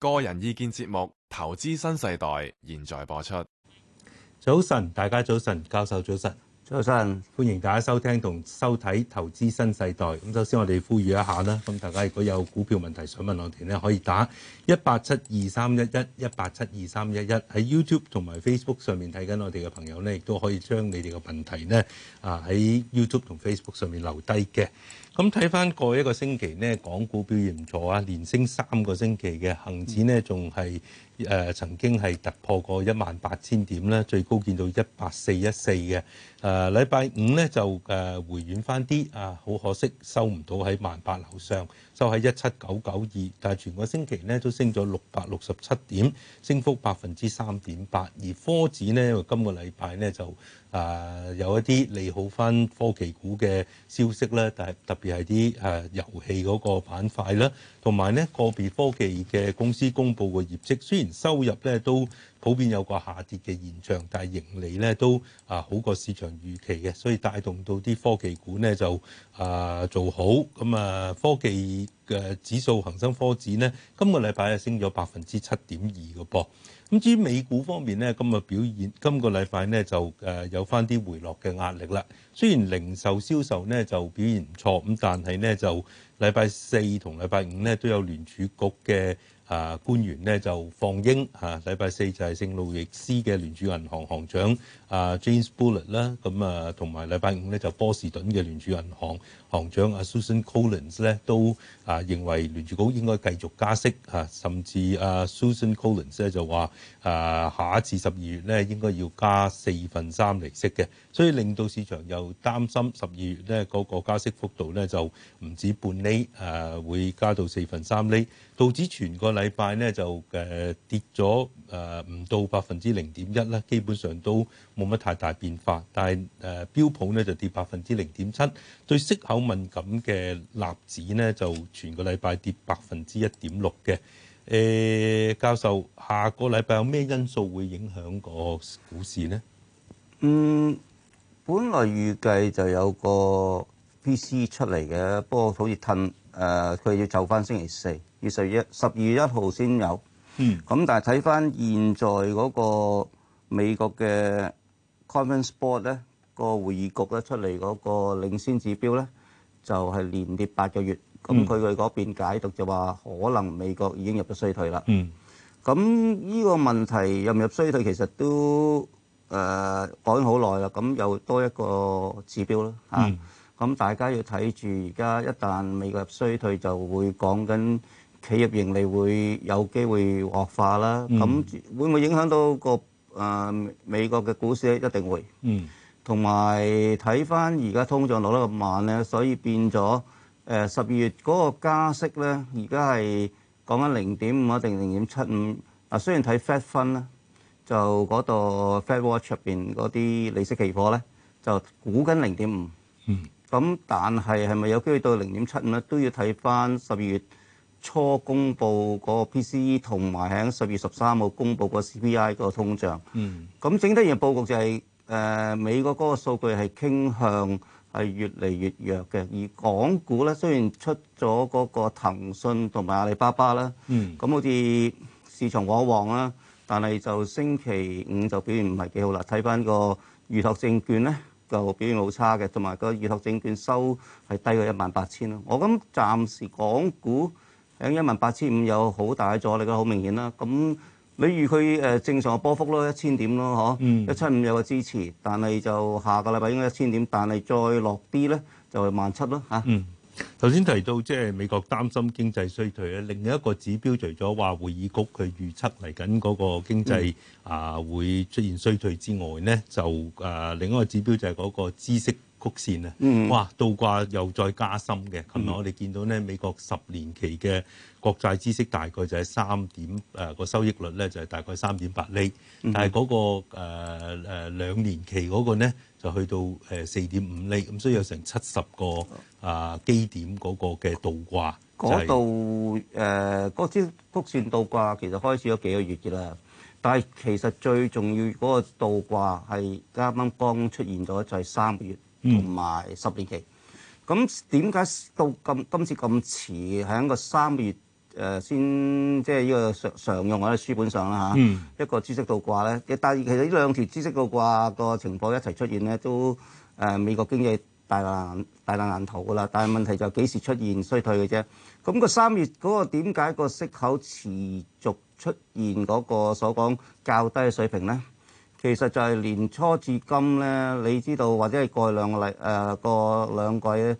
個人意見節目《投資新世代》現在播出。早晨，大家早晨，教授早晨，早晨，歡迎大家收聽同收睇《投資新世代》。咁首先我哋呼籲一下啦，咁大家如果有股票問題想問我哋呢，可以打一八七二三一一一八七二三一一。喺 YouTube 同埋 Facebook 上面睇緊我哋嘅朋友呢，亦都可以將你哋嘅問題呢，啊喺 YouTube 同 Facebook 上面留低嘅。咁睇翻過一個星期呢，港股表現唔錯啊，連升三個星期嘅恆指呢，仲係誒曾經係突破過一萬八千點啦，最高見到一百四一四嘅。誒禮拜五呢，就誒回軟翻啲啊，好可惜收唔到喺萬八樓上。都喺一七九九二，但係全個星期咧都升咗六百六十七點，升幅百分之三點八。而科指咧，因為今個禮拜呢就誒、呃、有一啲利好翻科技股嘅消息呢，但係，特別係啲誒遊戲嗰個板塊啦，同埋呢個別科技嘅公司公佈嘅業績，雖然收入咧都，普遍有個下跌嘅現象，但係盈利咧都啊好過市場預期嘅，所以帶動到啲科技股咧就啊做好，咁啊科技嘅指數，恒生科指呢，今個禮拜啊升咗百分之七點二嘅噃。咁至於美股方面咧，今日表現今個禮拜咧就誒有返啲回落嘅壓力啦。雖然零售銷售咧就表現唔錯，咁但係咧就禮拜四同禮拜五咧都有聯儲局嘅。啊，官員咧就放英啊，禮拜四就係聖路易斯嘅聯儲銀行行長啊，James Bullard 啦、啊，咁啊同埋禮拜五咧就波士頓嘅聯儲銀行行長阿 Susan Collins 咧都啊認為聯儲局應該繼續加息啊，甚至阿、啊、Susan Collins 咧就話啊下一次十二月咧應該要加四分三厘息嘅，所以令到市場又擔心十二月咧嗰、那個加息幅度咧就唔止半厘啊，會加到四分三厘，導致全個禮拜咧就誒、啊、跌咗誒唔到百分之零點一啦，基本上都。冇乜太大變化，但係誒、呃、標普咧就跌百分之零點七，對息口敏感嘅納指咧就全個禮拜跌百分之一點六嘅。誒、呃、教授，下個禮拜有咩因素會影響個股市咧？嗯，本來預計就有個 P.C 出嚟嘅，不過好似褪誒，佢、呃、要就翻星期四二十一十二月一號先有。嗯，咁但係睇翻現在嗰個美國嘅。Conference Board 咧個會議局咧出嚟嗰個領先指標咧就係連跌八個月，咁佢哋嗰邊解讀就話可能美國已經入咗衰退啦。咁呢個問題入唔入衰退其實都誒講咗好耐啦，咁又多一個指標啦嚇，咁大家要睇住而家一旦美國入衰退就會講緊企業盈利會有機會惡化啦，咁會唔會影響到個？誒、呃、美國嘅股市一定會，嗯，同埋睇翻而家通脹落得咁慢咧，所以變咗誒十二月嗰個加息咧，而家係講緊零點五定零點七五。嗱，雖然睇 Fed 分啦，就嗰度 Fed Watch 入邊嗰啲利息期貨咧，就估緊零點五，嗯，咁但係係咪有機會到零點七五咧，都要睇翻十二月。初公布個 PCE 同埋喺十月十三號公布個 CPI 個通脹，咁、嗯嗯、整得完報告就係、是、誒、呃、美國嗰個數據係傾向係越嚟越弱嘅，而港股咧雖然出咗嗰個騰訊同埋阿里巴巴咧，咁、嗯、好似市場往旺啦，但係就星期五就表現唔係幾好啦。睇翻個預託證券咧就表現好差嘅，同埋個預託證券收係低過一萬八千咯。我諗暫時港股。喺一萬八千五有好大嘅阻力啦，好明顯啦。咁，你預佢誒正常嘅波幅咯，一千點咯，嗬、嗯，一七五有個支持，但係就下個禮拜應該一千點，但係再落啲咧就萬七咯嚇。嗯，頭先提到即係美國擔心經濟衰退咧，另一個指標除咗話會議局佢預測嚟緊嗰個經濟啊會出現衰退之外咧、嗯啊，就誒、啊、另一個指標就係嗰個知識。曲線啊，嗯、哇！倒掛又再加深嘅。琴日我哋見到咧，美國十年期嘅國債孳息大概就係三點誒個、呃、收益率咧就係、是、大概三點八厘，但係嗰、那個誒誒兩年期嗰個咧就去到誒四點五厘，咁所以有成七十個啊、呃、基點嗰個嘅倒掛。嗰度誒支曲線倒掛其實開始咗幾個月嘅啦，但係其實最重要嗰個倒掛係啱啱剛出現咗，就係三個月。同埋十年期，咁點解到今今次咁遲，喺個三月誒先，即係呢個常常用嘅書本上啦嚇，一個孳息倒掛咧，但係其實呢兩條孳息倒掛個情況一齊出現咧，都誒美國經濟大難大難難逃噶啦，但係問題就幾時出現衰退嘅啫。咁個三月嗰個點解個息口持續出現嗰個所講較低嘅水平咧？其實就係年初至今咧，你知道或者係過去兩個禮誒、呃、個兩季咧，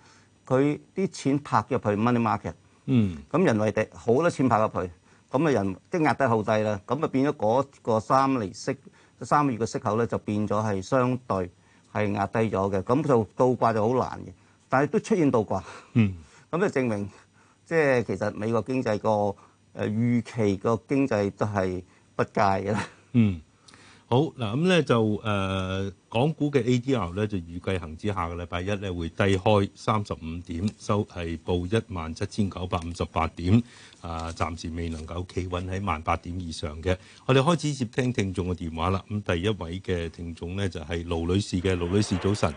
佢啲錢拍入去 Money Market，嗯，咁人為地好多錢拍入去，咁啊、嗯、人即係壓低後底啦，咁啊變咗嗰個三厘息，三個月嘅息口咧就變咗係相對係壓低咗嘅，咁就倒掛就好難嘅，但係都出現倒掛，嗯，咁就證明即係其實美國經濟個誒預期個經濟都係不佳嘅，嗯。好嗱，咁咧就誒、呃、港股嘅 ADR 咧就預計恆指下個禮拜一咧會低開三十五點，收係報一萬七千九百五十八點，啊、呃，暫時未能夠企穩喺萬八點以上嘅。我哋開始接聽聽眾嘅電話啦。咁、嗯、第一位嘅聽眾咧就係、是、盧女士嘅，盧女士早晨。誒、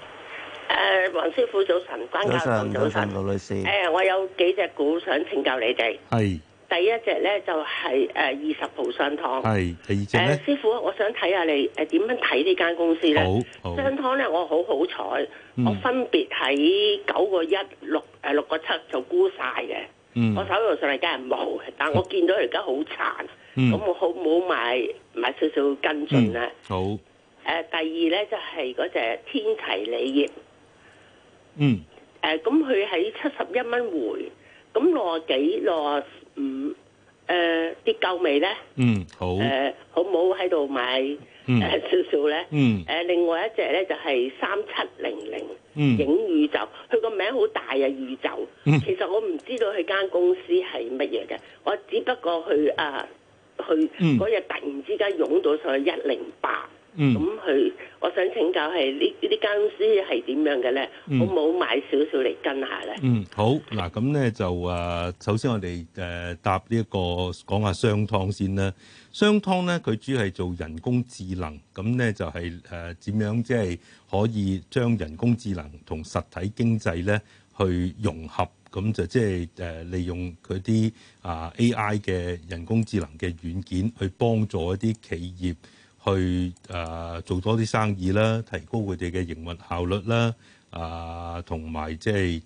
呃，黃師傅早晨，關家俊早、早晨，盧女士。誒、呃，我有幾隻股想請教你哋。係。第一隻咧就係誒、二十號商湯，係第二隻誒師傅，我想睇下你誒點樣睇呢間公司咧？好商湯咧，湯我好好彩，嗯、我分別喺九個一六誒六個七就沽晒嘅，嗯、我手頭上嚟，梗係冇嘅，但我見到而家好殘，咁、嗯、我好唔好買買少少跟進啦、嗯。好誒、啊，第二咧就係嗰隻天齊鋰業，嗯、誒，咁佢喺七十一蚊回。咁六啊幾六啊五，誒跌夠未咧？嗯，好。誒好唔好喺度買誒少少咧。嗯。誒另外一隻咧就係三七零零，影宇宙，佢個名好大啊宇宙。其實我唔知道佢間公司係乜嘢嘅，我只不過去啊去嗰日突然之間湧到上去一零八。嗯，咁佢，我想請教係呢呢間公司係點樣嘅咧？好唔好買少少嚟跟下咧。嗯，好。嗱，咁咧就誒，首先我哋誒搭呢一個講下商湯先啦。商湯咧，佢主要係做人工智能，咁咧就係誒點樣即係可以將人工智能同實體經濟咧去融合，咁就即係誒利用佢啲啊 AI 嘅人工智能嘅軟件去幫助一啲企業。去誒、呃、做多啲生意啦，提高佢哋嘅營運效率啦，誒同埋即係誒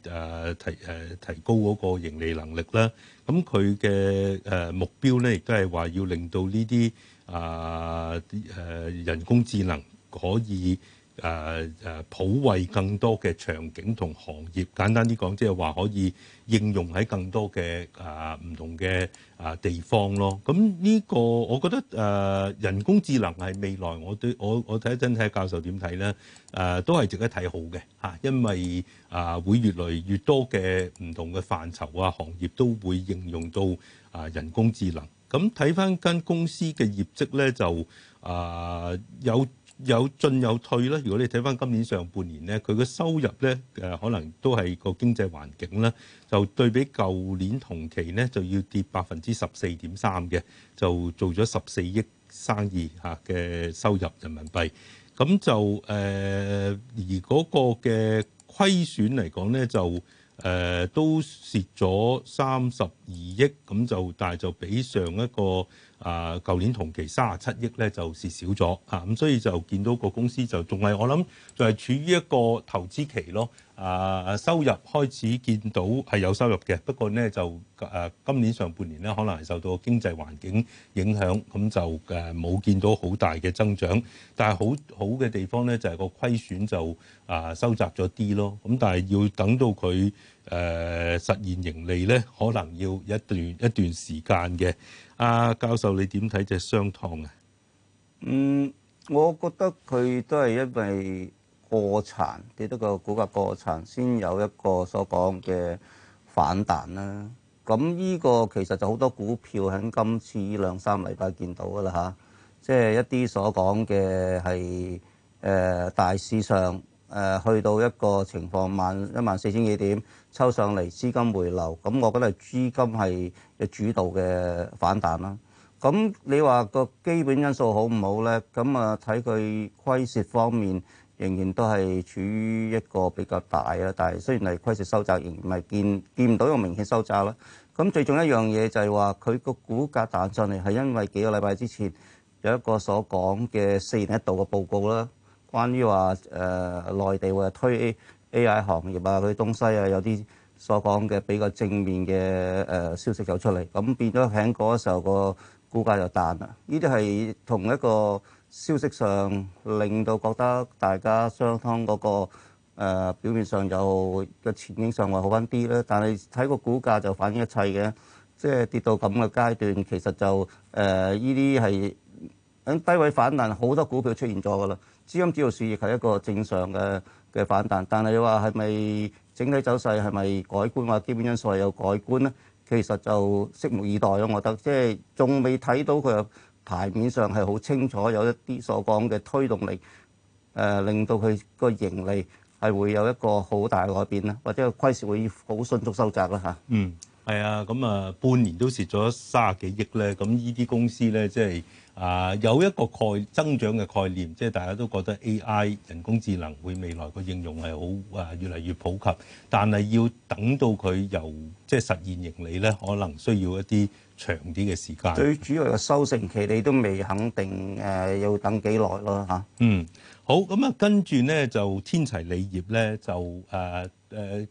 提誒、呃、提高嗰個盈利能力啦。咁佢嘅誒目標咧，亦都係話要令到呢啲啊誒人工智能可以。誒誒、啊啊，普惠更多嘅場景同行業，簡單啲講，即係話可以應用喺更多嘅誒唔同嘅誒、啊、地方咯。咁、啊、呢、這個我覺得誒、啊、人工智能係未來，我對我我睇一陣睇教授點睇咧？誒、啊、都係值得睇好嘅嚇、啊，因為誒、啊、會越嚟越多嘅唔同嘅範疇啊、行業都會應用到誒、啊、人工智能。咁睇翻間公司嘅業績咧，就誒、啊、有。有進有退啦。如果你睇翻今年上半年咧，佢嘅收入咧誒，可能都係個經濟環境啦，就對比舊年同期咧就要跌百分之十四點三嘅，就做咗十四億生意嚇嘅收入人民幣。咁就誒、呃，而嗰個嘅虧損嚟講咧就。誒、呃、都蝕咗三十二億，咁就但係就比上一個啊舊、呃、年同期三十七億咧就蝕少咗嚇，咁、啊、所以就見到個公司就仲係我諗仲係處於一個投資期咯。啊！收入開始見到係有收入嘅，不過呢，就誒、啊、今年上半年呢，可能係受到經濟環境影響，咁就誒冇、啊、見到好大嘅增長。但係好好嘅地方呢，就係、是、個虧損就啊收窄咗啲咯。咁但係要等到佢誒、啊、實現盈利呢，可能要一段一段時間嘅。阿、啊、教授你點睇？隻商湯啊？嗯，我覺得佢都係因為。過殘，幾多個股價過殘，先有一個所講嘅反彈啦。咁呢個其實就好多股票喺今次呢兩三禮拜見到噶啦吓，即係、就是、一啲所講嘅係誒大市上誒、呃、去到一個情況，萬一萬四千幾點抽上嚟，資金回流，咁我覺得資金係嘅主導嘅反彈啦。咁你話個基本因素好唔好咧？咁啊睇佢虧蝕方面。仍然都係處於一個比較大啦，但係雖然係虧蝕收窄，仍然係見見唔到一個明顯收窄啦。咁最重要一樣嘢就係話佢個股價彈上嚟，係因為幾個禮拜之前有一個所講嘅四年一度嘅報告啦，關於話誒內地會推 AI 行業啊，嗰啲東西啊，有啲所講嘅比較正面嘅誒、呃、消息走出嚟，咁變咗喺嗰時候個股價就彈啦。呢啲係同一個消息上令到覺得大家雙方嗰個誒、呃、表面上有嘅前景上會好翻啲咧，但係睇個股價就反映一切嘅，即係跌到咁嘅階段，其實就誒呢啲係喺低位反彈好多股票出現咗噶啦。資金指導事業係一個正常嘅嘅反彈，但係你話係咪整體走勢係咪改觀或基本因素係有改觀咧？其實就拭目以待咯，我覺得即係仲未睇到佢。牌面上係好清楚，有一啲所講嘅推動力，誒、呃、令到佢個盈利係會有一個好大改變咧，或者虧蝕會好迅速收窄啦嚇、嗯啊。嗯，係啊，咁啊半年都蝕咗三十幾億咧，咁呢啲公司咧即係啊、呃、有一個概念增長嘅概念，即係大家都覺得 AI 人工智能會未來個應用係好啊、呃、越嚟越普及，但係要等到佢由即係實現盈利咧，可能需要一啲長啲嘅時間，最主要嘅收成期你都未肯定，誒、呃、要等幾耐咯嚇。啊、嗯，好，咁啊跟住咧就天齊鋰業咧就誒誒、呃呃，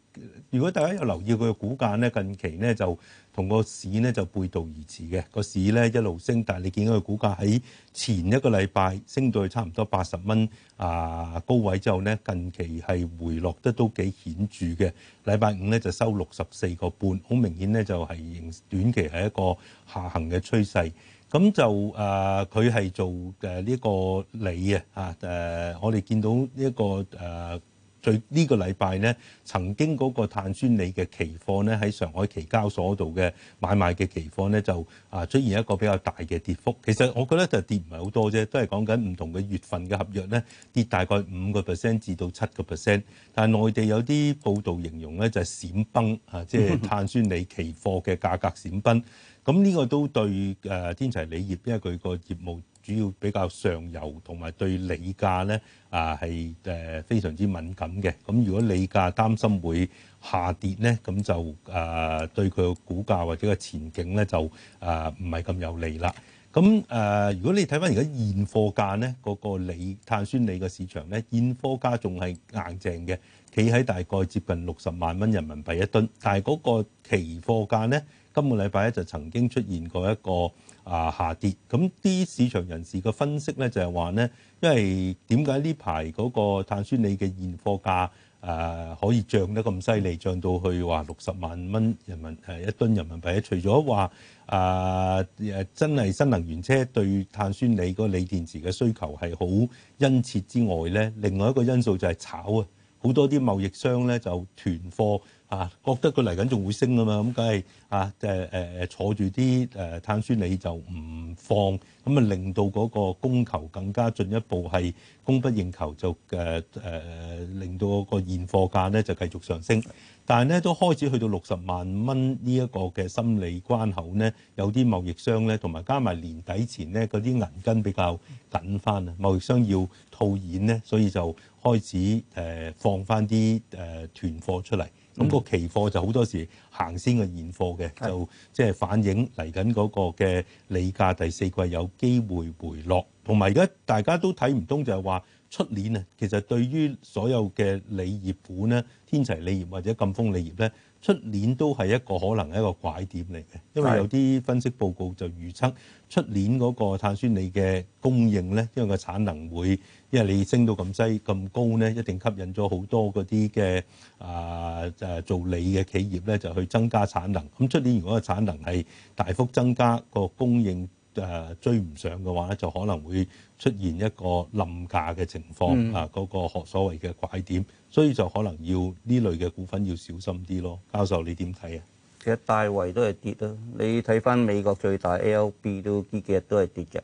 如果大家有留意佢嘅股價咧，近期咧就。同個市咧就背道而馳嘅，個市咧一路升，但係你見到佢股價喺前一個禮拜升到去差唔多八十蚊啊高位之後咧，近期係回落得都幾顯著嘅。禮拜五咧就收六十四個半，好明顯咧就係、係、短期係一個下行嘅趨勢。咁就啊，佢係做誒呢個理啊，這個、啊誒，我哋見到呢一個誒。最呢個禮拜咧，曾經嗰個碳酸鋰嘅期貨咧，喺上海期交所度嘅買賣嘅期貨咧，就啊出現一個比較大嘅跌幅。其實我覺得就跌唔係好多啫，都係講緊唔同嘅月份嘅合約咧，跌大概五個 percent 至到七個 percent。但係內地有啲報導形容咧，就係閃崩啊，即係碳酸鋰期貨嘅價格閃崩。咁呢 個都對誒天齊鋰業因為佢個業務。主要比較上游同埋對鋰價咧啊係誒、呃、非常之敏感嘅，咁如果鋰價擔心會下跌咧，咁就啊、呃、對佢個股價或者個前景咧就啊唔係咁有利啦。咁誒、呃、如果你睇翻而家現貨價咧，嗰、那個鋰碳酸鋰嘅市場咧，現貨價仲係硬淨嘅，企喺大概接近六十萬蚊人民幣一噸，但係嗰個期貨價咧。今個禮拜咧就曾經出現過一個啊下跌，咁啲市場人士嘅分析咧就係話咧，因為點解呢排嗰個碳酸鋰嘅現貨價啊、呃、可以漲得咁犀利，漲到去話六十萬蚊人民誒一噸人民幣咧？除咗話啊誒真係新能源車對碳酸鋰嗰個鋰電池嘅需求係好殷切之外咧，另外一個因素就係炒啊，好多啲貿易商咧就囤貨。啊！覺得佢嚟緊仲會升啊嘛，咁梗係啊，即係誒誒坐住啲誒碳酸鋰就唔放，咁啊令到嗰個供求更加進一步係供不應求，就誒誒、呃、令到個現貨價咧就繼續上升。但係咧都開始去到六十萬蚊呢一個嘅心理關口咧，有啲貿易商咧同埋加埋年底前咧嗰啲銀根比較緊翻啊，貿易商要套現咧，所以就開始誒、呃、放翻啲誒囤貨出嚟。咁個期貨就好多時行先個現貨嘅，的就即係反映嚟緊嗰個嘅鋰價第四季有機會回落，同埋而家大家都睇唔通就係話出年啊，其實對於所有嘅鋰業股咧，天齊鋰業或者贛鋒鋰業咧。出年都係一個可能一個拐點嚟嘅，因為有啲分析報告就預測出年嗰個碳酸鋰嘅供應呢，因為個產能會，因為你升到咁低咁高呢，一定吸引咗好多嗰啲嘅啊就係做鋰嘅企業呢，就去增加產能。咁出年如果個產能係大幅增加個供應。誒，追唔上嘅話咧，就可能會出現一個冧價嘅情況啊！嗰個學所謂嘅拐點，所以就可能要呢類嘅股份要小心啲咯。教授你點睇啊？其實大圍都係跌啦，你睇翻美國最大 ALB 都幾幾日都係跌嘅，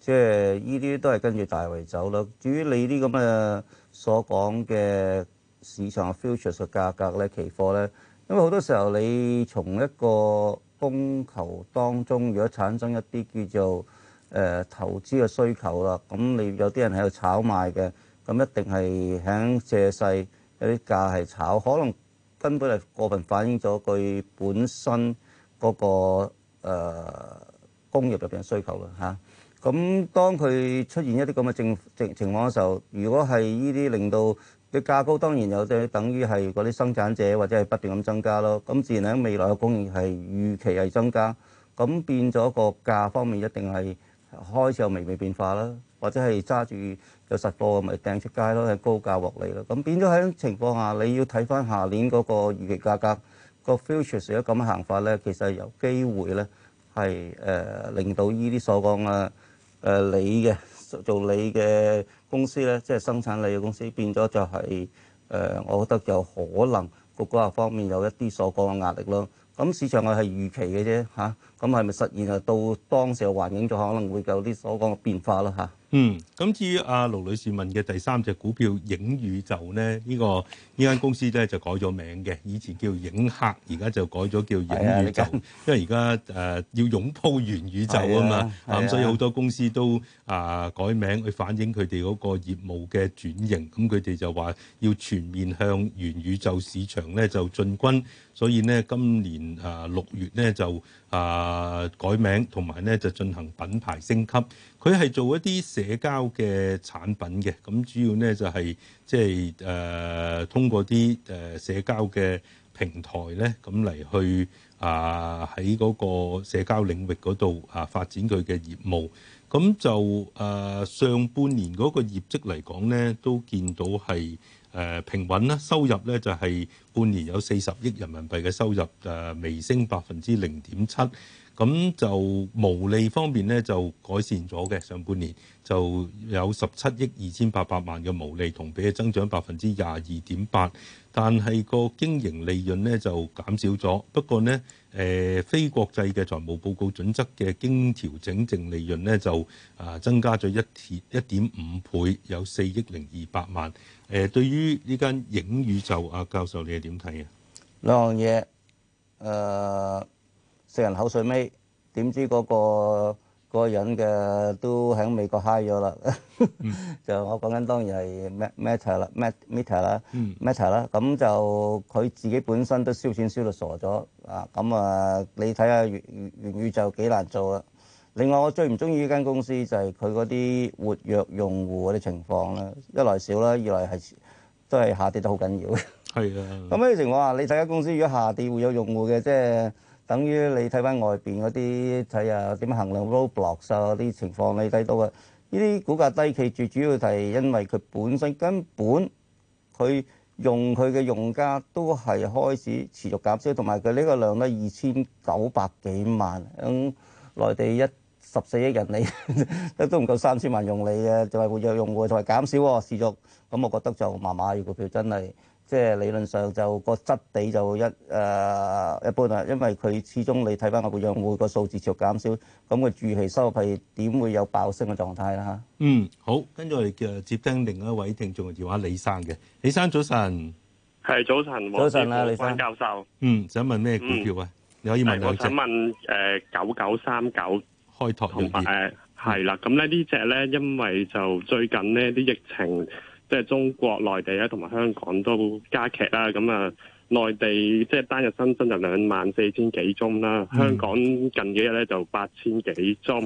即係呢啲都係跟住大圍走啦。至於你啲咁嘅所講嘅市場 futures 嘅價格咧、期貨咧，因為好多時候你從一個供求當中，如果產生一啲叫做誒、呃、投資嘅需求啦，咁你有啲人喺度炒賣嘅，咁一定係喺借勢有啲價係炒，可能根本係過分反映咗佢本身嗰、嗰個、呃、工業入邊嘅需求啦嚇。咁、啊、當佢出現一啲咁嘅政情情況嘅時候，如果係呢啲令到。嘅價高當然有，即等於係嗰啲生產者或者係不斷咁增加咯。咁自然喺未來嘅供應係預期係增加，咁變咗個價方面一定係開始有微微變化啦，或者係揸住有實貨咪掟出街咯，係高價獲利咯。咁變咗喺情況下，你要睇翻下年嗰個預期價格個 future 如果咁行法咧，其實有機會咧係誒令到依啲所講啊誒你嘅做你嘅。公司咧即係生產類嘅公司變咗就係、是、誒、呃，我覺得有可能個供求方面有一啲所講嘅壓力咯。咁市場我係預期嘅啫吓，咁係咪實現啊？到當時嘅環境就可能會有啲所講嘅變化啦吓。啊嗯，咁至於阿盧女士問嘅第三隻股票影宇宙咧，呢、這個呢間公司咧就改咗名嘅，以前叫影客，而家就改咗叫影宇宙，啊、因為而家誒要擁抱元宇宙啊嘛，咁、啊嗯、所以好多公司都啊、呃、改名去反映佢哋嗰個業務嘅轉型，咁佢哋就話要全面向元宇宙市場咧就進軍，所以咧今年啊六、呃、月咧就啊、呃、改名，同埋咧就進行品牌升級，佢係做一啲社交嘅產品嘅，咁主要呢就係即係誒通過啲誒社交嘅平台呢，咁嚟去啊喺嗰個社交領域嗰度啊發展佢嘅業務。咁就誒上半年嗰個業績嚟講呢，都見到係誒平穩啦，收入呢就係半年有四十億人民幣嘅收入，誒微升百分之零點七。咁就毛利方面呢，就改善咗嘅，上半年就有十七億二千八百萬嘅毛利，同比增長百分之廿二點八。但係個經營利潤呢，就減少咗，不過呢，誒、呃、非國際嘅財務報告準則嘅經調整淨利潤呢，就啊增加咗一、一點五倍，有四億零二百萬。誒，對於呢間影宇宙啊教授，你係點睇啊？兩樣嘢誒。呃四人口水尾，點知嗰、那個、那個人嘅都喺美國嗨咗啦。嗯、 就我講緊當日係咩咩齊啦，咩 m e t t e r 啦，咩齊啦。咁就佢自己本身都燒錢燒到傻咗啊！咁啊，你睇下語語語就幾難做啊。另外，我最唔中意呢間公司就係佢嗰啲活躍用戶嗰啲情況啦。一來少啦，二來係都係下跌得好緊要嘅。係啊。咁呢啲情況啊，你睇家公司如果下跌會有用戶嘅，即係。等於你睇翻外邊嗰啲睇啊點衡量 Roblox 啊啲情況，你睇到嘅呢啲股價低企，最主要係因為佢本身根本佢用佢嘅用家都係開始持續減少，同埋佢呢個量咧二千九百幾萬，咁、嗯、內地一十四億人嚟 都唔夠三千萬用你嘅，就係活躍用戶同埋減少喎，持續咁我覺得就麻麻，如果票真係。即係理論上就個質地就一誒一般啦，因為佢始終你睇翻我個用戶個數字持續減少，咁佢預期收入點會有爆升嘅狀態啦？嚇！嗯，好，跟住我哋嘅接聽另外一位聽眾嘅電話，李生嘅，李生早晨，係早晨，早晨啦，李生教授，嗯，想問咩股票啊？你可以問我？想問誒九九三九開拓藥業，誒係啦，咁咧呢隻咧，因為就最近咧啲疫情。即係中國內地咧，同埋香港都加劇啦。咁、嗯、啊，內地即係單日新增就兩萬四千幾宗啦。香港近幾日咧就八千幾宗。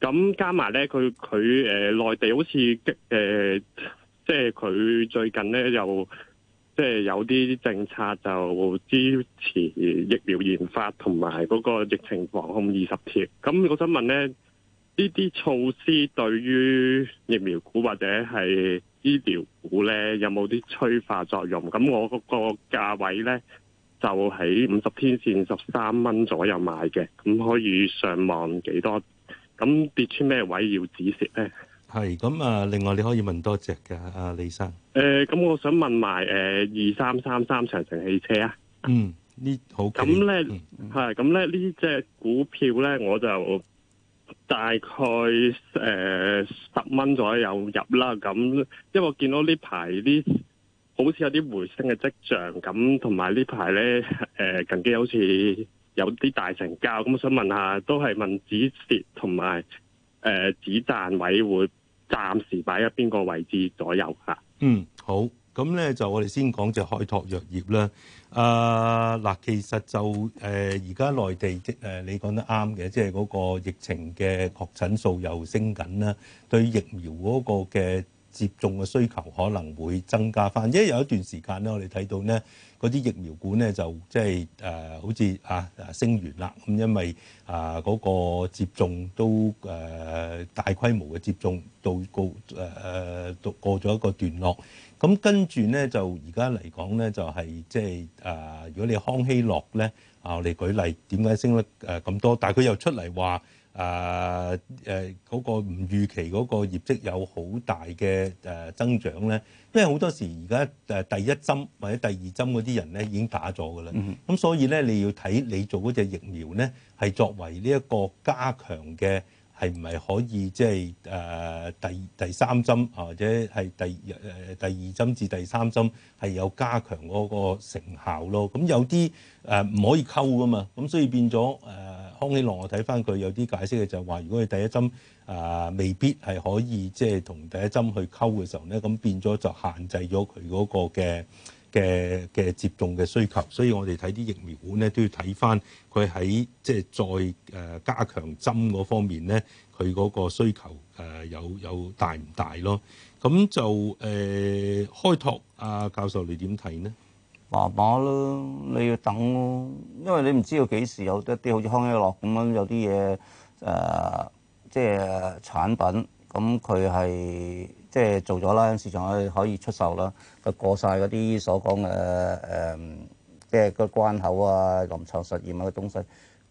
咁、嗯、加埋咧，佢佢誒內地好似誒、呃，即係佢最近咧又即係有啲政策就支持疫苗研發同埋嗰個疫情防控二十條。咁、嗯、我想問咧，呢啲措施對於疫苗股或者係呢條股咧有冇啲催化作用？咁我嗰個價位咧就喺五十天線十三蚊左右買嘅，咁可以上望幾多？咁跌穿咩位要止蝕咧？係咁啊！另外你可以問多隻嘅啊，李生。誒、呃，咁我想問埋誒二三三三長城汽車啊。嗯，好呢好。咁咧係，咁咧呢隻股票咧我就。大概誒、呃、十蚊左右入啦，咁因為我見到呢排啲好似有啲回升嘅跡象，咁同埋呢排呢誒近幾日、呃、好似有啲大成交，咁我想問下，都係問止蝕同埋誒止賺位會暫時擺喺邊個位置左右吓？嗯，好。咁咧就我哋先講就開拓藥業啦。啊，嗱，其實就誒而家內地即誒、呃、你講得啱嘅，即係嗰個疫情嘅確診數又升緊啦，對疫苗嗰個嘅接種嘅需求可能會增加翻，因為有一段時間咧，我哋睇到咧嗰啲疫苗股咧就即係誒好似啊升完啦，咁因為啊嗰、呃那個接種都誒、呃、大規模嘅接種到到誒誒到過咗一個段落，咁跟住咧就而家嚟講咧就係即係誒如果你康希諾咧啊，我哋舉例點解升得誒咁多，但係佢又出嚟話。啊誒嗰、啊那個唔預期嗰個業績有好大嘅誒、啊、增長咧，因為好多時而家誒第一針或者第二針嗰啲人咧已經打咗㗎啦，咁、嗯、所以咧你要睇你做嗰隻疫苗咧係作為呢一個加強嘅係唔係可以即係誒第第三針或者係第誒、啊、第二針至第三針係有加強嗰個成效咯，咁有啲誒唔可以溝㗎嘛，咁所以變咗誒。啊康熙隆，我睇翻佢有啲解釋嘅就係話，如果你第一針啊未必係可以即係同第一針去溝嘅時候咧，咁變咗就限制咗佢嗰個嘅嘅嘅接種嘅需求。所以我哋睇啲疫苗股咧都要睇翻佢喺即係再誒加強針嗰方面咧，佢嗰個需求誒、啊、有有大唔大咯？咁就誒、呃、開拓啊教授，你點睇咧？麻麻咯，你要等咯，因為你唔知道幾時有一啲好似康希諾咁樣有啲嘢，誒、呃，即係產品，咁佢係即係做咗啦，市場可以出售啦，佢過晒嗰啲所講嘅誒，即係個關口啊、臨床實驗啊嘅東西，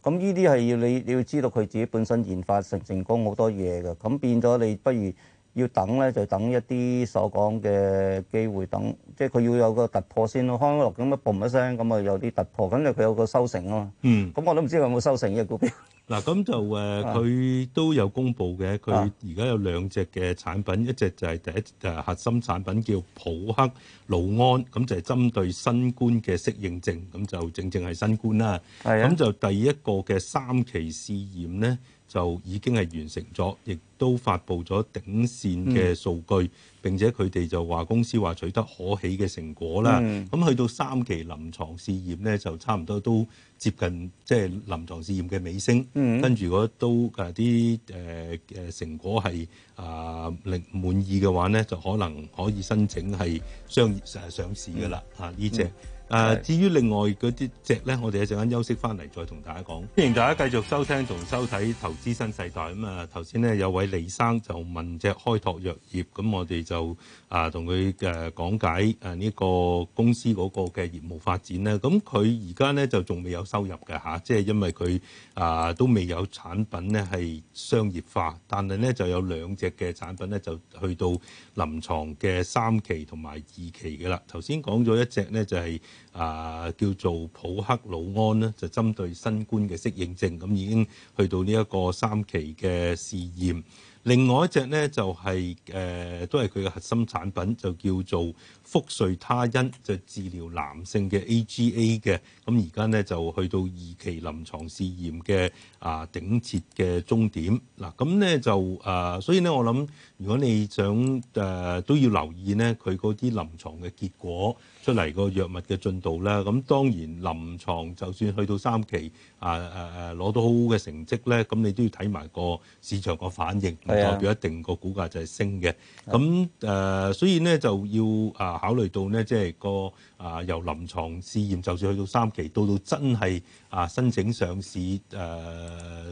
咁呢啲係要你你要知道佢自己本身研發成成功好多嘢嘅，咁變咗你不如。要等咧，就等一啲所講嘅機會等，即係佢要有個突破先咯。康樂咁一嘣一聲咁啊，有啲突破，咁就佢有個收成啊嘛。嗯。咁我都唔知佢有冇收成呢個股票。嗱，咁就誒，佢都有公布嘅，佢而家有兩隻嘅產品，一隻就係第一誒核心產品叫普克魯安，咁就係針對新冠嘅適應症，咁就正正係新冠啦。係啊。咁就第一個嘅三期試驗咧。就已經係完成咗，亦都發布咗頂線嘅數據。嗯、並且佢哋就話公司話取得可喜嘅成果啦。咁、嗯、去到三期臨床試驗呢，就差唔多都接近即係臨床試驗嘅尾聲。嗯、跟住如果都啊啲誒誒成果係啊令滿意嘅話呢，就可能可以申請係商業上市噶啦、嗯、啊呢隻。誒、啊，至於另外嗰啲隻咧，的我哋一陣間休息翻嚟，再同大家講。歡迎大家繼續收聽同收睇《投資新世代》。咁、嗯、啊，頭先咧有位李生就問隻開拓藥業，咁我哋就啊同佢誒講解誒呢、啊這個公司嗰個嘅業務發展咧。咁佢而家咧就仲未有收入嘅嚇、啊，即係因為佢啊都未有產品咧係商業化，但係咧就有兩隻嘅產品咧就去到臨床嘅三期同埋二期嘅啦。頭先講咗一隻咧就係、是。啊，叫做普克魯安呢，就針對新冠嘅適應症，咁已經去到呢一個三期嘅試驗。另外一隻呢，就係、是、誒、呃，都係佢嘅核心產品，就叫做福瑞他因，就是、治療男性嘅 AGA 嘅。咁而家呢，就去到二期臨床試驗嘅啊、呃、頂切嘅終點。嗱、啊，咁呢，就啊、呃，所以呢，我諗，如果你想誒、呃、都要留意呢，佢嗰啲臨床嘅結果。出嚟個藥物嘅進度咧，咁當然臨床就算去到三期，啊啊啊攞到好好嘅成績咧，咁你都要睇埋個市場個反應，唔的代表一定個股價就係升嘅。咁誒的、啊，所以咧就要啊考慮到咧，即係個。啊，由臨床試驗，就算去到三期，到到真係啊申請上市，誒、啊、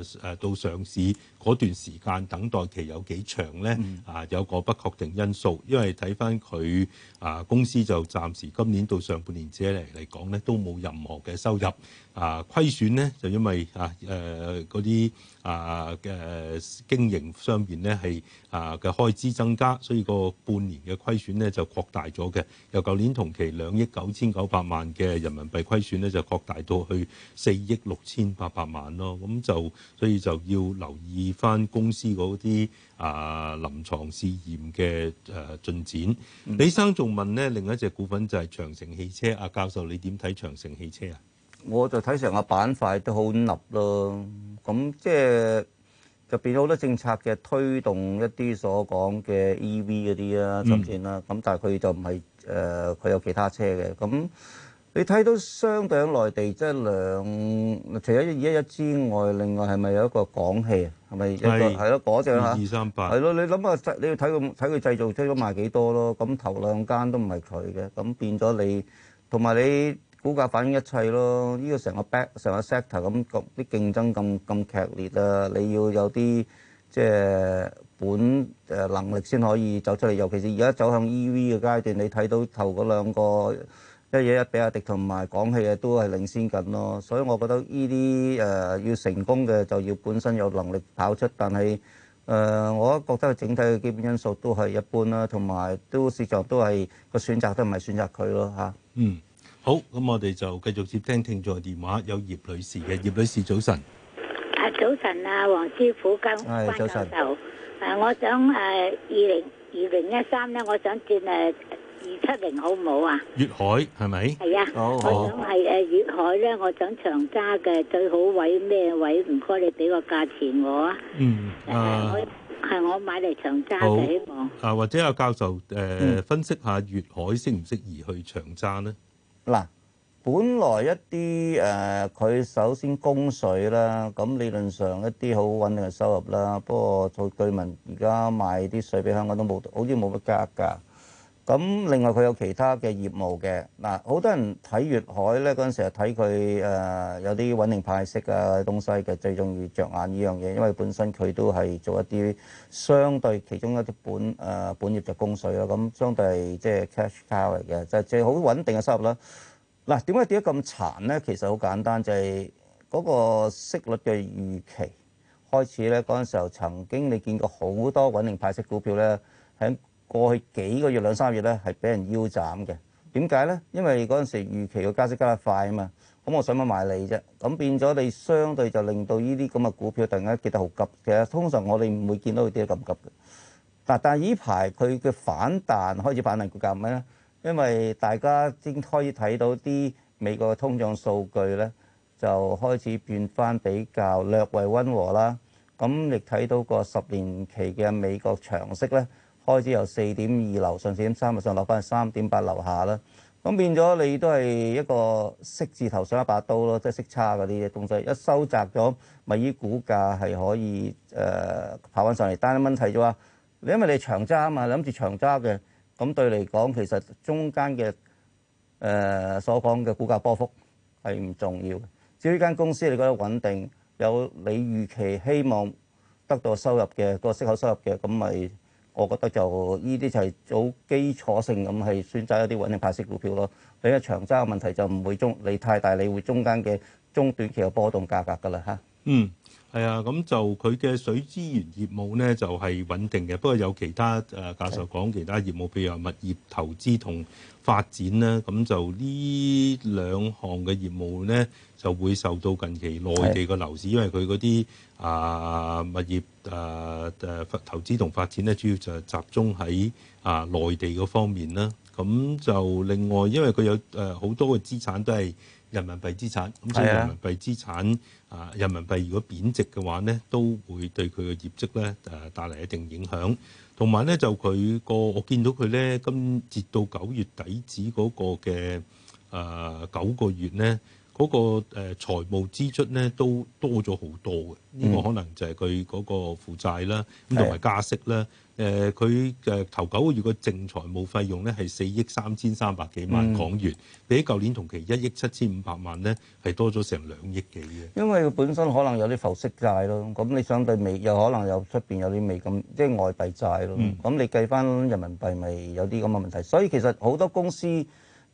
誒到上市嗰段時間等待期有幾長咧？啊，有個不確定因素，因為睇翻佢啊公司就暫時今年到上半年之嚟嚟講咧，都冇任何嘅收入，啊虧損咧就因為啊誒啲、呃、啊嘅、啊、經營上邊咧係啊嘅開支增加，所以個半年嘅虧損咧就擴大咗嘅，由舊年同期兩億。九千九百萬嘅人民幣虧損咧，就擴大到去四億六千八百萬咯。咁就所以就要留意翻，公司嗰啲啊臨床試驗嘅誒進展。嗯、李生仲問咧，另一隻股份就係長城汽車啊，教授你點睇長城汽車啊？我就睇成個板塊都好立咯。咁即係就變咗好多政策嘅推動一啲所講嘅 EV 嗰啲啊，甚至嗯，就算啦。咁但係佢就唔係。誒佢、呃、有其他車嘅，咁你睇到相對喺內地即係兩，除咗一二一一之外，另外係咪有一個廣汽啊？係咪一個係咯嗰隻啊？二三八係咯，你諗下，你要睇個睇佢製造出咗賣幾多咯？咁頭兩間都唔係佢嘅，咁變咗你同埋你股價反映一切咯。呢、呢個成個 back 成個 sector 咁，啲競爭咁咁劇烈啊！你要有啲即係。本誒能力先可以走出嚟，尤其是而家走向 EV 嘅階段，你睇到頭嗰兩個一嘢一比亞迪同埋廣汽啊，都係領先緊咯。所以我覺得呢啲誒要成功嘅就要本身有能力跑出，但係誒我覺得整體嘅基本因素都係一般啦，同埋都市場都係個選擇都唔係選擇佢咯嚇。嗯，好，咁我哋就繼續接聽聽眾電話，有葉女士嘅。葉女士早晨。啊，早晨啊，黃師傅跟關教授，誒，我想誒，二零二零一三咧，我想轉誒二七零，好唔好啊？粵海係咪？係啊。好。我想係誒粵海咧，我想長揸嘅，最好位咩位？唔該，你俾個價錢我啊。嗯。啊。我係我買嚟長揸嘅。好希望。啊，或者阿教授誒、呃，分析下粵海適唔適宜去長揸咧？嗱、嗯。本來一啲誒，佢首先供水啦，咁理論上一啲好穩定嘅收入啦。不過做居民而家賣啲水俾香港都冇，好似冇乜加價。咁另外佢有其他嘅業務嘅。嗱，好多人睇粵海咧嗰陣時係睇佢誒有啲穩定派息啊東西嘅，最中意著眼呢樣嘢，因為本身佢都係做一啲相對其中一啲本誒本業就供水咯，咁相對即係 cash cow 嚟嘅，就係最好穩定嘅收入啦。嗱，點解跌得咁殘咧？其實好簡單，就係嗰個息率嘅預期開始咧。嗰陣時候曾經你見過好多穩定派息股票咧，喺過去幾個月兩三月咧係俾人腰斬嘅。點解咧？因為嗰陣時預期個加息加得快啊嘛。咁我想問埋你啫。咁變咗你相對就令到依啲咁嘅股票突然間跌得好急。其實通常我哋唔會見到佢跌得咁急嘅。嗱，但係依排佢嘅反彈開始反彈，股價咩咧？因為大家先可以睇到啲美國嘅通脹數據咧，就開始變翻比較略為温和啦。咁亦睇到個十年期嘅美國長息咧，開始由四點二樓上四點三，又上落翻三點八樓下啦。咁變咗你都係一個息字頭上一把刀咯，即係息差嗰啲嘅東西。一收窄咗，咪依股價係可以誒跑翻上嚟。單一問題就話，你因為你係長揸啊嘛，諗住長揸嘅。咁對嚟講，其實中間嘅誒所講嘅股價波幅係唔重要嘅。至於間公司你覺得穩定，有你預期希望得到收入嘅個息口收入嘅，咁咪我覺得就呢啲就係好基礎性咁係選擇一啲穩定派息股票咯。你一長揸嘅問題就唔會中你太大，你會中間嘅中短期嘅波動價格㗎喇吓。嗯。係啊，咁就佢嘅水資源業務咧就係、是、穩定嘅，不過有其他誒教授講其他業務，譬的如話物業投資同發展啦，咁就呢兩項嘅業務咧就會受到近期內地個樓市的因、呃呃呃，因為佢嗰啲啊物業啊誒投資同發展咧，主要就係集中喺啊內地個方面啦。咁就另外因為佢有誒好多嘅資產都係。人民幣資產，咁所以人民幣資產啊，人民幣如果貶值嘅話咧，都會對佢嘅業績咧誒帶嚟一定影響。同埋咧就佢個，我見到佢咧今截至到九月底止嗰個嘅誒九個月咧，嗰個誒財務支出咧都多咗好多嘅。呢個可能就係佢嗰個負債啦，咁同埋加息啦。誒佢誒頭九個月個淨財務費用咧係四億三千三百幾萬港元，嗯、比舊年同期一億七千五百萬咧係多咗成兩億幾嘅。因為佢本身可能有啲浮息債咯，咁你相對未又可能有出邊有啲未咁即係外幣債咯，咁、嗯、你計翻人民幣咪有啲咁嘅問題。所以其實好多公司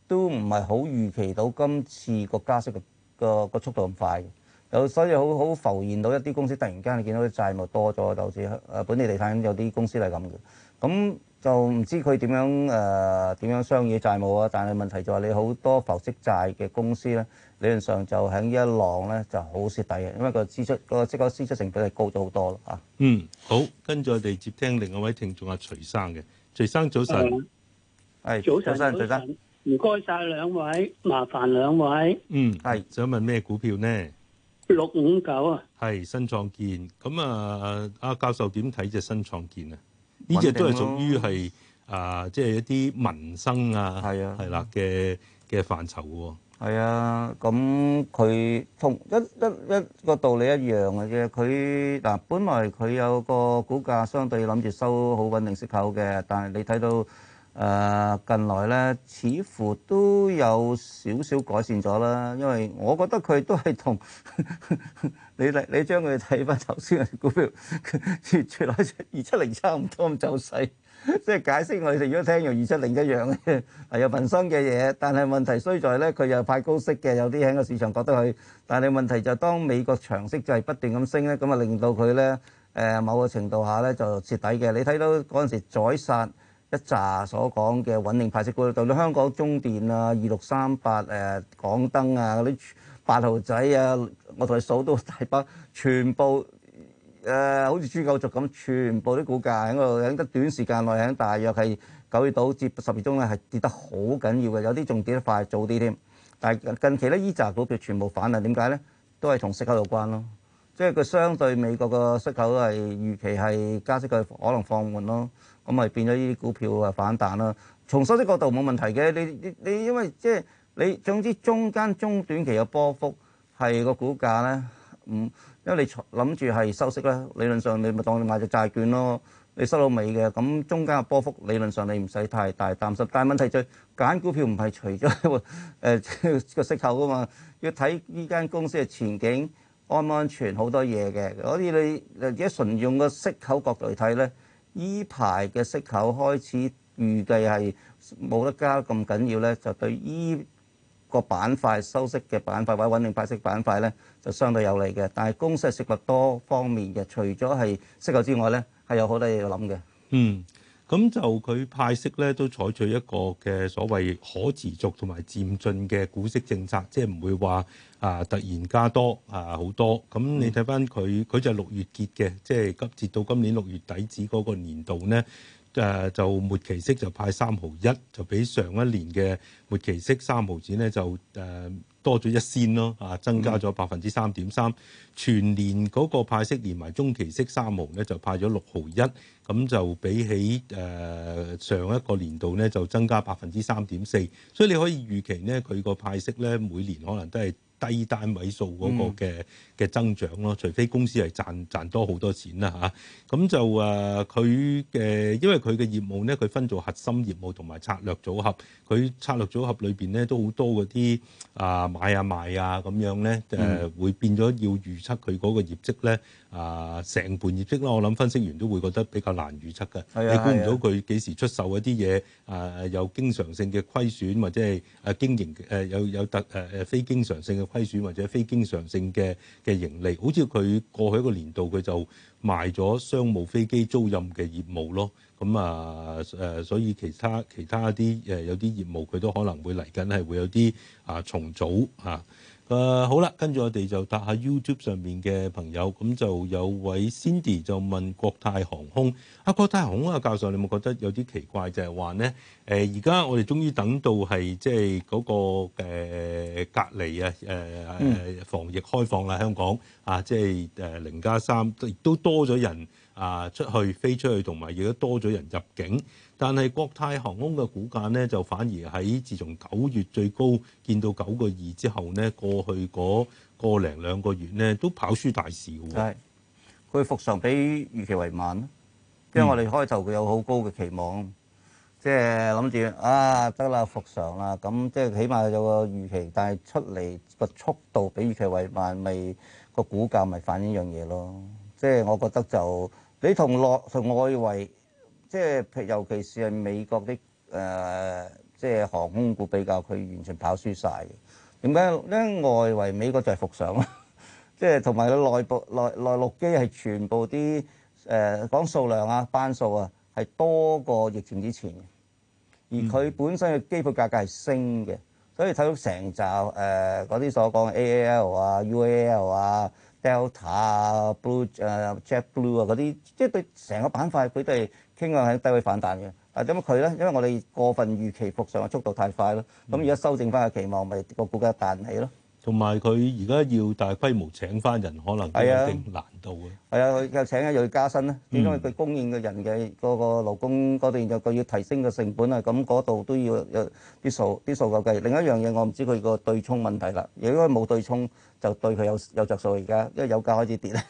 都唔係好預期到今次個加息個個個速度咁快。有，所以好好浮現到一啲公司突然間你見到啲債務多咗，就似誒本地地產有啲公司係咁嘅，咁就唔知佢點樣誒點樣商議債務啊？但係問題就係你好多浮息債嘅公司咧，理論上就喺呢一浪咧就好蝕底嘅，因為個支出個即係個支出成本係高咗好多咯嚇。嗯，好，跟住我哋接聽另外一位聽眾阿徐生嘅，徐生早晨，係早晨，徐生，唔該晒兩位，麻煩兩位，嗯，係想問咩股票呢？六五九啊，係新創建咁啊！阿教授點睇隻新創建啊？呢隻都係屬於係啊，即係一啲民生啊，係啊，係啦嘅嘅範疇嘅喎。係啊，咁佢同一一一個道理一樣嘅啫。佢嗱本來佢有個股價，相對諗住收好穩定息口嘅，但係你睇到。誒近來咧，似乎都有少少改善咗啦，因為我覺得佢都係同你你將佢睇翻頭先嘅股票，除除咗二七零差唔多咁走勢，即係解釋我哋如果聽用二七零一樣嘅係有民生嘅嘢，但係問題衰在咧，佢又派高息嘅，有啲喺個市場覺得佢，但係問題就當美國長息就係不斷咁升咧，咁啊令到佢咧誒某個程度下咧就蝕底嘅，你睇到嗰陣時宰殺。一扎所講嘅穩定派息股，就算香港中電啊、二六三八誒、港燈啊嗰啲八號仔啊，我同你數都大把，全部誒、呃、好似豬狗族咁，全部啲股價喺度，喺得短時間內，喺大約係九月到至十月中咧，係跌得好緊要嘅，有啲仲跌得快，早啲添。但係近期咧，依紮股票全部反啦，點解咧？都係同息口有關咯。即係佢相對美國嘅息口係預期係加息嘅，可能放緩咯，咁咪變咗呢啲股票係反彈啦。從收息角度冇問題嘅，你你你因為即係你總之中間中短期嘅波幅，係個股價咧，唔因為你諗住係收息啦，理論上你咪當你買隻債券咯，你收到尾嘅，咁中間嘅波幅理論上你唔使太大擔心。但係問題就係揀股票唔係除咗誒個息口噶嘛，要睇呢間公司嘅前景。安唔安全好多嘢嘅，所以你誒純用個息口角度嚟睇呢，依排嘅息口開始預計係冇得加咁緊要呢，就對依個板塊收息嘅板塊或者穩定派息板塊呢，就相對有利嘅。但係公式食物多方面嘅，除咗係息口之外呢，係有好多嘢要諗嘅。嗯。咁就佢派息咧，都採取一個嘅所謂可持續同埋漸進嘅股息政策，即係唔會話啊突然加多啊好多。咁你睇翻佢，佢、嗯、就係六月結嘅，即係截至到今年六月底止嗰個年度咧。誒、呃、就末期息就派三毫一，就比上一年嘅末期息三毫紙咧就誒、呃、多咗一仙咯，啊增加咗百分之三點三。嗯、全年嗰個派息連埋中期息三毫咧就派咗六毫一，咁就比起誒、呃、上一個年度咧就增加百分之三點四，所以你可以預期呢，佢個派息咧每年可能都係。低單位數嗰個嘅嘅增長咯，嗯、除非公司係賺賺多好多錢啦嚇，咁、啊、就誒佢嘅，因為佢嘅業務咧，佢分做核心業務同埋策略組合，佢策略組合裏邊咧都好多嗰啲啊買啊賣啊咁樣咧誒，呃嗯、會變咗要預測佢嗰個業績咧。啊，成盤業績咯，我諗分析員都會覺得比較難預測嘅。你估唔到佢幾時出售一啲嘢。啊，有經常性嘅虧損或者係啊經營誒、啊、有有特誒誒、啊、非經常性嘅虧損或者非經常性嘅嘅盈利。好似佢過去一個年度佢就賣咗商務飛機租賃嘅業務咯。咁啊誒，所以其他其他啲誒有啲業務佢都可能會嚟緊係會有啲啊重組啊。誒、uh, 好啦，跟住我哋就答下 YouTube 上面嘅朋友，咁就有位 Cindy 就問國泰航空啊，國泰航空啊，教授你有冇覺得有啲奇怪就係話咧？誒而家我哋終於等到係即係嗰個、呃、隔離啊誒防疫開放啦，香港啊即係誒零加三亦都多咗人。啊！出去飛出去，同埋亦都多咗人入境，但係國泰航空嘅股價咧，就反而喺自從九月最高見到九個二之後咧，過去嗰個零兩個月咧，都跑輸大市嘅。係，佢復常比預期為慢，因為我哋開頭佢有好高嘅期望，嗯啊、即係諗住啊得啦復常啦，咁即係起碼有個預期，但係出嚟個速度比預期為慢，咪、嗰個股價咪反映一樣嘢咯。即係我覺得就。你同落同外圍，即係尤其是係美國啲誒，即、呃、係航空股比較，佢完全跑輸晒嘅。點解咧？因為外圍美國就係復上啦，即係同埋個內部內內陸機係全部啲誒、呃、講數量啊班數啊，係多過疫情之前，而佢本身嘅機票價格係升嘅，所以睇到成罩誒嗰啲所講 AAL 啊 UAL 啊。Delta blue 啊，jet blue 啊，嗰啲即係對成個板塊，佢哋傾向喺低位反彈嘅。啊，咁點解佢咧，因為我哋過分預期復上嘅速度太快啦，咁而家修正翻嘅期望，咪個股價彈起咯。同埋佢而家要大規模請翻人，可能有一定難度啊！係啊，佢又請啊，又要加薪啦。因為佢供應嘅人嘅嗰個勞工嗰度，又佢要提升嘅成本啊。咁嗰度都要有啲數，啲數夠計。另一樣嘢，我唔知佢個對沖問題啦。如果冇對沖，就對佢有有着數而家，因為油價開始跌啦。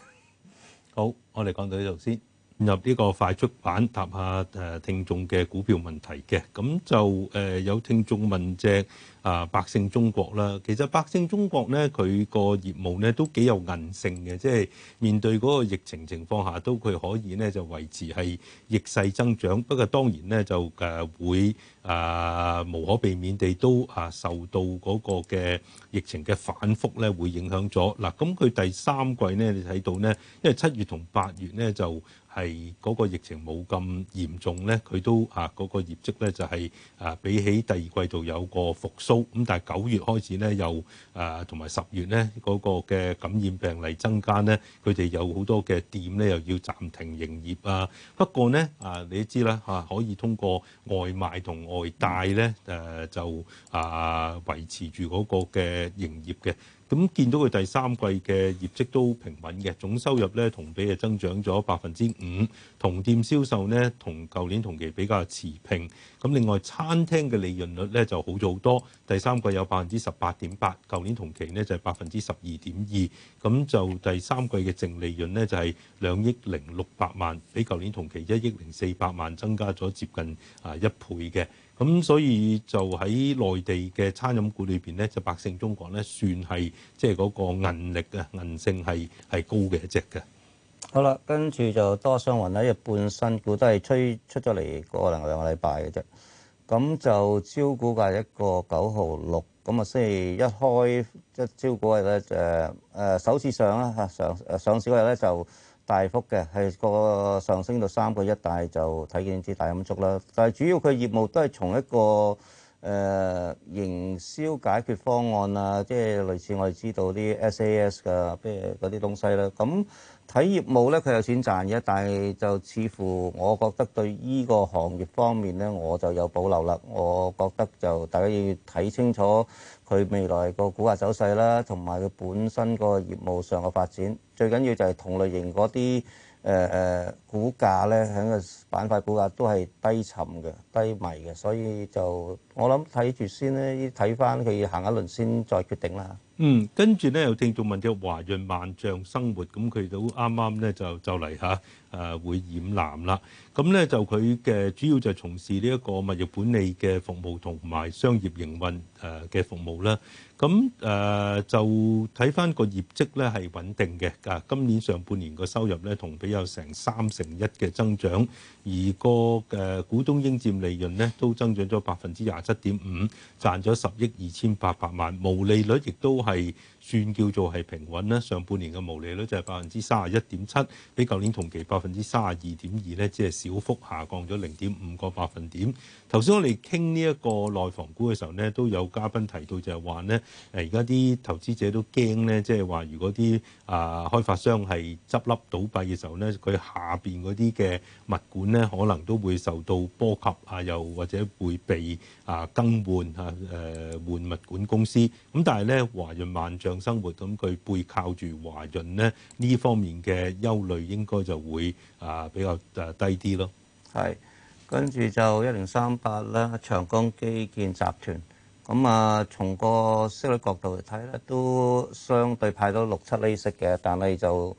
好，我哋講到呢度先。入呢個快速版答下誒聽眾嘅股票問題嘅，咁就誒有聽眾問隻啊百勝中國啦。其實百勝中國咧，佢個業務咧都幾有韌性嘅，即係面對嗰個疫情情況下，都佢可以咧就維持係逆勢增長。不過當然咧就誒會啊無可避免地都啊受到嗰個嘅疫情嘅反覆咧，會影響咗嗱。咁佢第三季咧你睇到咧，因為七月同八月咧就係嗰個疫情冇咁嚴重咧，佢都嚇嗰個業績咧就係啊比起第二季度有個復甦，咁但係九月開始咧又啊同埋十月咧嗰個嘅感染病例增加咧，佢哋有好多嘅店咧又要暫停營業啊。不過咧啊，你都知啦嚇啊，可以通過外賣同外帶咧誒就啊維持住嗰個嘅營業嘅。咁見到佢第三季嘅業績都平穩嘅，總收入咧同比誒增長咗百分之五，同店銷售呢同舊年同期比較持平。咁另外餐廳嘅利潤率咧就好咗好多，第三季有百分之十八點八，舊年同期呢就係百分之十二點二。咁就第三季嘅淨利潤呢就係兩億零六百萬，比舊年同期一億零四百萬增加咗接近啊一倍嘅。咁、嗯、所以就喺內地嘅餐飲股裏邊咧，就百勝中國咧算係即係嗰個韌力嘅韌性係係高嘅一隻嘅。好啦，跟住就多雙雲啦，一半新股都係吹出咗嚟個零兩個禮拜嘅啫。咁就招股價一個九毫六，咁啊星期一開一招股價咧，誒、呃、誒首次上啦嚇上上市嗰日咧就。大幅嘅係個上升到三個一，大就睇見支大陰足啦。但係主要佢業務都係從一個誒、呃、營銷解決方案啊，即係類似我哋知道啲 SAS 嘅，譬如嗰啲東西啦。咁睇業務咧，佢有錢賺嘅，但係就似乎我覺得對依個行業方面咧，我就有保留啦。我覺得就大家要睇清楚佢未來個股價走勢啦，同埋佢本身個業務上嘅發展。最緊要就係同類型嗰啲誒誒股價咧，喺個板塊股價都係低沉嘅、低迷嘅，所以就我諗睇住先咧，睇返佢行一輪先再決定啦。嗯，跟住咧有聽眾問咗華潤萬象生活，咁佢都啱啱咧就就嚟吓誒會染藍啦。咁咧就佢嘅主要就係從事呢一個物業管理嘅服務同埋商業營運誒嘅服務啦。咁誒、嗯、就睇翻個業績咧，係穩定嘅，啊今年上半年個收入咧同比有成三成一嘅增長，而個誒股東應佔利潤咧都增長咗百分之廿七點五，賺咗十億二千八百萬，毛利率亦都係算叫做係平穩啦。上半年嘅毛利率就係百分之三十一點七，比舊年同期百分之三十二點二咧，只係小幅下降咗零點五個百分點。頭先我哋傾呢一個內房股嘅時候呢，都有嘉賓提到就係話呢。誒而家啲投資者都驚咧，即係話如果啲啊開發商係執笠倒閉嘅時候咧，佢下邊嗰啲嘅物管咧，可能都會受到波及啊，又或者會被啊更換吓誒換物管公司。咁但係咧，華潤萬象生活咁佢背靠住華潤咧，呢方面嘅憂慮應該就會啊比較誒低啲咯。係，跟住就一零三八啦，長江基建集團。咁啊，從、嗯、個息率角度嚟睇咧，都相對派到六七厘息嘅，但係就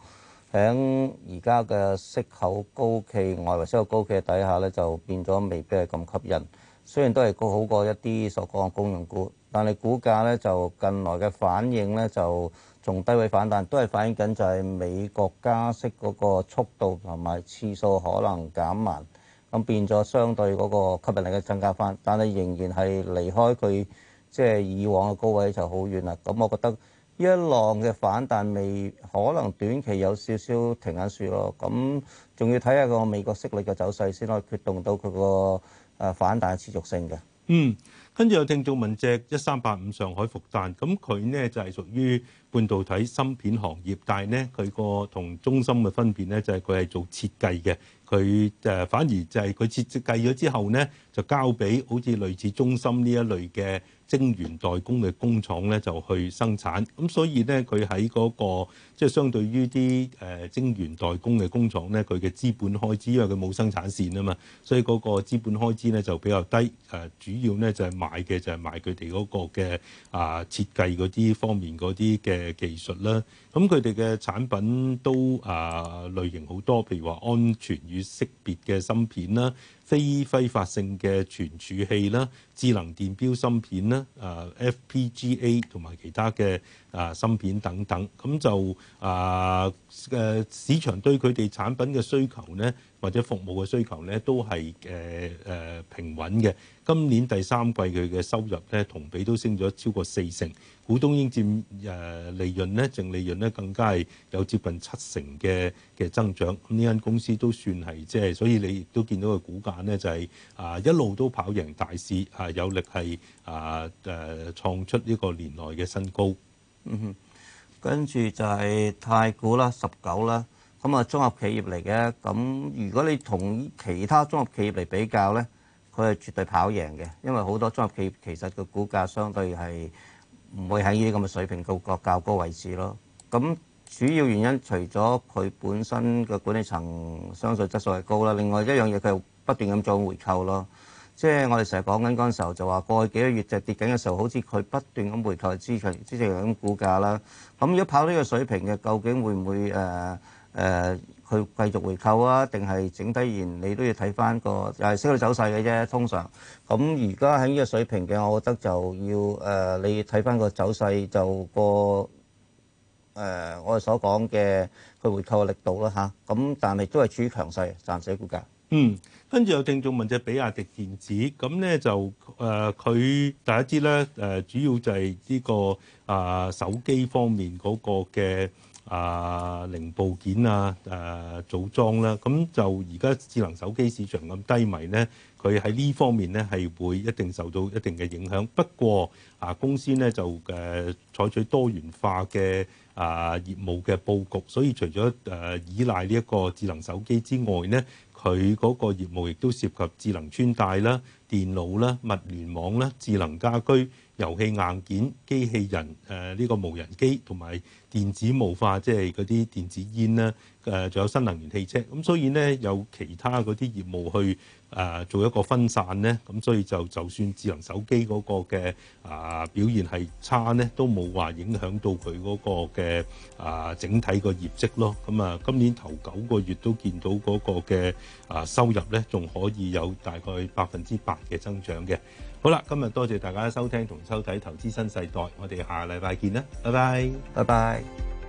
響而家嘅息口高企、外圍息口高企底下咧，就變咗未必係咁吸引。雖然都係高好過一啲所講嘅公用股，但係股價咧就近來嘅反應咧就從低位反彈，都係反映緊就係美國加息嗰個速度同埋次數可能減慢。咁變咗相對嗰個吸引力嘅增加返，但係仍然係離開佢即係以往嘅高位就好遠啦。咁我覺得呢一浪嘅反彈未可能短期有少少停緊船咯。咁仲要睇下個美國息率嘅走勢先可以決動到佢個誒反彈嘅持續性嘅。嗯，跟住有聽眾問隻一三八五上海復旦，咁佢呢就係、是、屬於半導體芯片行業，但係呢，佢個同中芯嘅分別呢，就係佢係做設計嘅。佢誒反而就係佢設計咗之後咧，就交俾好似類似中芯呢一類嘅晶圓代工嘅工廠咧，就去生產。咁所以咧，佢喺嗰個即係、就是、相對於啲誒晶圓代工嘅工廠咧，佢嘅資本開支，因為佢冇生產線啊嘛，所以嗰個資本開支咧就比較低。誒、啊、主要咧就係、是、買嘅就係買佢哋嗰個嘅啊設計嗰啲方面嗰啲嘅技術啦。咁佢哋嘅產品都啊、呃、類型好多，譬如話安全與識別嘅芯片啦、非揮發性嘅存儲器啦、智能電表芯片啦、啊、呃、FPGA 同埋其他嘅。啊，芯片等等，咁就啊，誒、啊、市場對佢哋產品嘅需求呢，或者服務嘅需求呢，都係誒誒平穩嘅。今年第三季佢嘅收入呢，同比都升咗超過四成，股東應占誒、啊、利潤呢，淨利潤呢，更加係有接近七成嘅嘅增長。咁呢間公司都算係，即係所以你亦都見到個股價呢，就係、是、啊一路都跑贏大市，啊有力係啊誒、啊、創出呢個年內嘅新高。嗯哼，跟住就係太古啦，十九啦，咁啊綜合企業嚟嘅，咁如果你同其他綜合企業嚟比較咧，佢係絕對跑贏嘅，因為好多綜合企業其實個股價相對係唔會喺呢啲咁嘅水平高個較高位置咯。咁主要原因除咗佢本身嘅管理層相信質素係高啦，另外一樣嘢佢又不斷咁做回購咯。即係我哋成日講緊嗰陣時候，就話過去幾個月就跌緊嘅時候，好似佢不斷咁回購資場，資場咁股價啦。咁如果跑呢個水平嘅，究竟會唔會誒誒去繼續回購啊？定係整低完？你都要睇翻個，又係息率走勢嘅啫。通常咁而家喺呢個水平嘅，我覺得就要誒、呃，你睇翻個走勢就個誒、呃、我哋所講嘅。佢回購嘅力度啦吓，咁但係都係處於強勢，暫時股價。嗯，跟住有聽眾問隻比亞迪電子，咁咧就誒佢第一啲咧誒，主要就係呢、這個啊、呃、手機方面嗰個嘅啊、呃、零部件啊誒、呃、組裝啦、啊，咁就而家智能手機市場咁低迷咧，佢喺呢方面咧係會一定受到一定嘅影響。不過啊、呃，公司咧就誒、呃、採取多元化嘅。啊！業務嘅布局，所以除咗誒、啊、依賴呢一個智能手機之外呢，呢佢嗰個業務亦都涉及智能穿戴啦、電腦啦、物聯網啦、智能家居。遊戲硬件、機器人、誒、呃、呢、這個無人機，同埋電子霧化，即係嗰啲電子煙啦，誒、呃、仲有新能源汽車，咁、嗯、所以呢，有其他嗰啲業務去誒、呃、做一個分散呢。咁、嗯、所以就就算智能手機嗰個嘅啊、呃、表現係差呢，都冇話影響到佢嗰個嘅啊、呃、整體個業績咯。咁、嗯、啊，今年頭九個月都見到嗰個嘅啊收入呢，仲可以有大概百分之八嘅增長嘅。好啦，今日多謝大家收聽同收睇《投資新世代》，我哋下禮拜見啦，拜拜，拜拜。